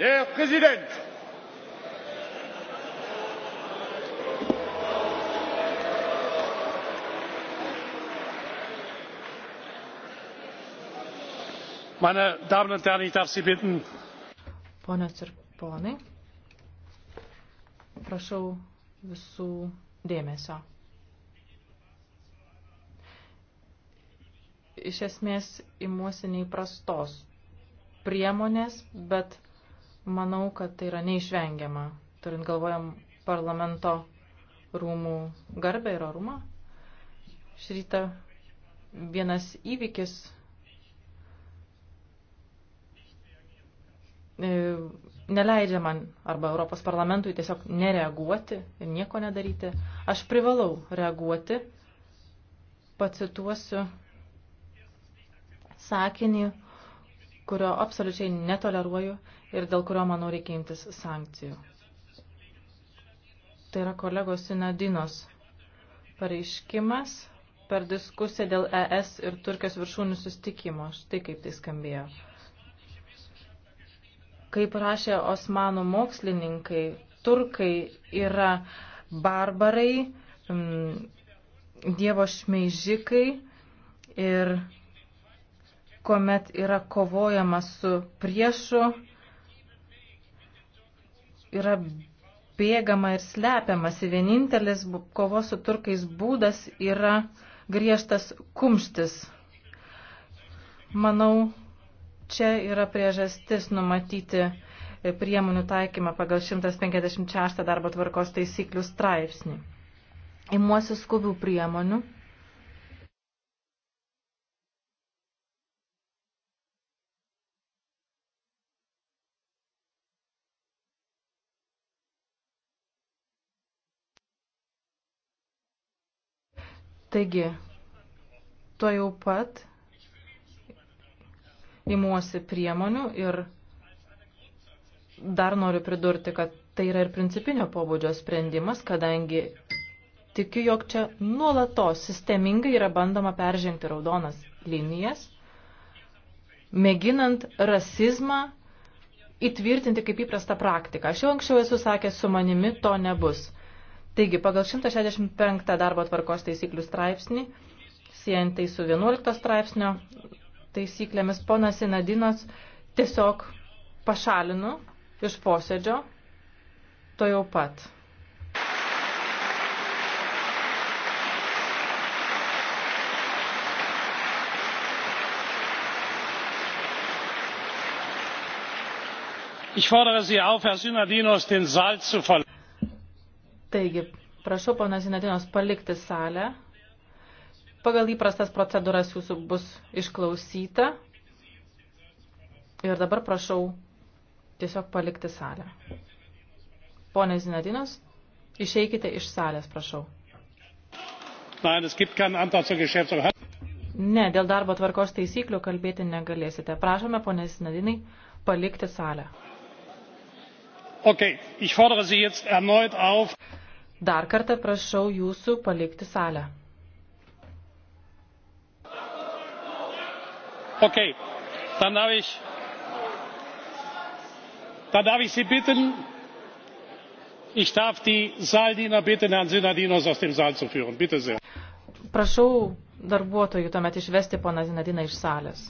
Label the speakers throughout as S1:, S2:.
S1: Der Präsident! Meine Damen und Herren, ich darf Sie bitten.
S2: Ponios ir ponai, prašau visų dėmesio. Iš esmės imuosi neįprastos priemonės, bet Manau, kad tai yra neišvengiama, turint galvojam parlamento rūmų garbę ir orumą. Šį rytą vienas įvykis e, neleidžia man arba Europos parlamentui tiesiog nereaguoti ir nieko nedaryti. Aš privalau reaguoti, pacituosiu sakinį, kurio absoliučiai netoleruoju ir dėl kurio, manau, reikia imtis sankcijų. Tai yra kolegos Sinadinos pareiškimas per diskusiją dėl ES ir Turkijos viršūnių sustikimo. Štai kaip tai skambėjo. Kaip rašė osmanų mokslininkai, turkai yra barbarai, mm, dievo šmeižikai ir kuomet yra kovojama su priešu, yra bėgama ir slepiamasi. Vienintelis kovos su turkais būdas yra griežtas kumštis. Manau, čia yra priežastis numatyti priemonių taikymą pagal 156 darbo tvarkos taisyklių straipsnį. Imuosi skubių priemonių Taigi, tuo jau pat imuosi priemonių ir dar noriu pridurti, kad tai yra ir principinio pobūdžio sprendimas, kadangi tikiu, jog čia nuolatos sistemingai yra bandoma peržengti raudonas linijas, mėginant rasizmą įtvirtinti kaip įprasta praktika. Aš jau anksčiau esu sakęs, su manimi to nebus. Taigi, pagal 165 darbo tvarkos taisyklių straipsnį, siejant tai su 11 straipsnio taisyklėmis, ponas Sinadinos tiesiog pašalinu iš posėdžio to jau pat.
S1: Ich fordere Sie auf, Herr Synadinos, den Saal zu verlassen.
S2: Taigi, prašau, ponas Inatinos, palikti salę. Pagal įprastas procedūras jūsų bus išklausyta. Ir dabar prašau tiesiog palikti salę. Pone Zinadinos, išeikite iš salės, prašau. Ne, dėl darbo tvarkos taisyklių kalbėti negalėsite. Prašome, ponė Zinadinai, palikti salę. Okay, ich fordere Sie jetzt erneut auf. Dar kartą prašau jūsų palikti salę.
S1: Okay, dann darf ich, dann darf ich Sie bitten, ich darf die Saaldiener bitten, Herrn Sinadinos aus dem Saal zu führen. Bitte sehr.
S2: Prašau darbuotojų tuomet išvesti poną Zinadiną iš salės.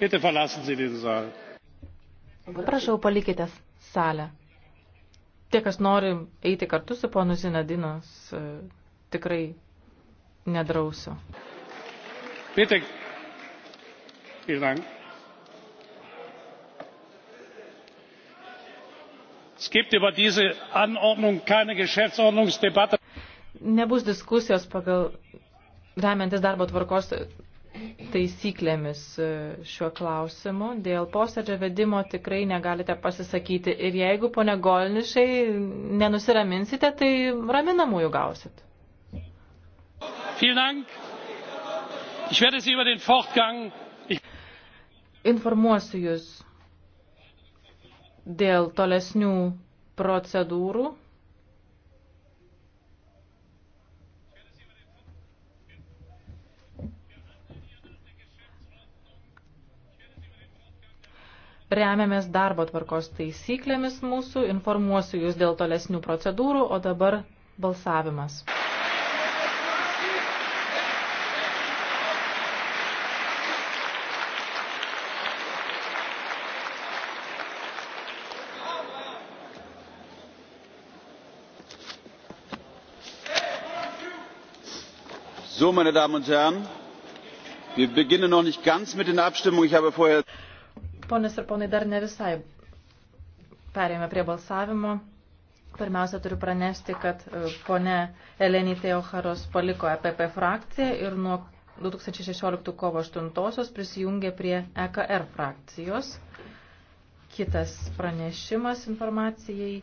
S1: Bitte verlassen Sie den Saal.
S2: Prašau, palikite salę. Tie, kas nori eiti kartu su ponu Zinadinos, e, tikrai nedrausiu. Bitte. Vielen Dank. es gibt über diese anordnung keine geschäftsordnungsdebatte. nebus diskusijos pagal remiantis darbo tvarkos taisyklėmis e, šiuo klausimu. Dėl posėdžio vedimo tikrai negalite pasisakyti. Ir jeigu, pone Golnišai, nenusiraminsite, tai raminamųjų gausit. Informuosiu Jūs dėl tolesnių procedūrų. remiamės darbo tvarkos taisyklėmis mūsų, informuosiu jūs dėl tolesnių procedūrų, o dabar balsavimas.
S1: So, meine Damen und Herren, wir beginnen noch nicht ganz mit den Abstimmungen. Ich habe vorher
S2: Ponės ir ponai, dar ne visai perėjome prie balsavimo. Pirmiausia, turiu pranešti, kad e, ponė Elenytė Oharos paliko EPP frakciją ir nuo 2016 kovo 8 prisijungė prie EKR frakcijos. Kitas pranešimas informacijai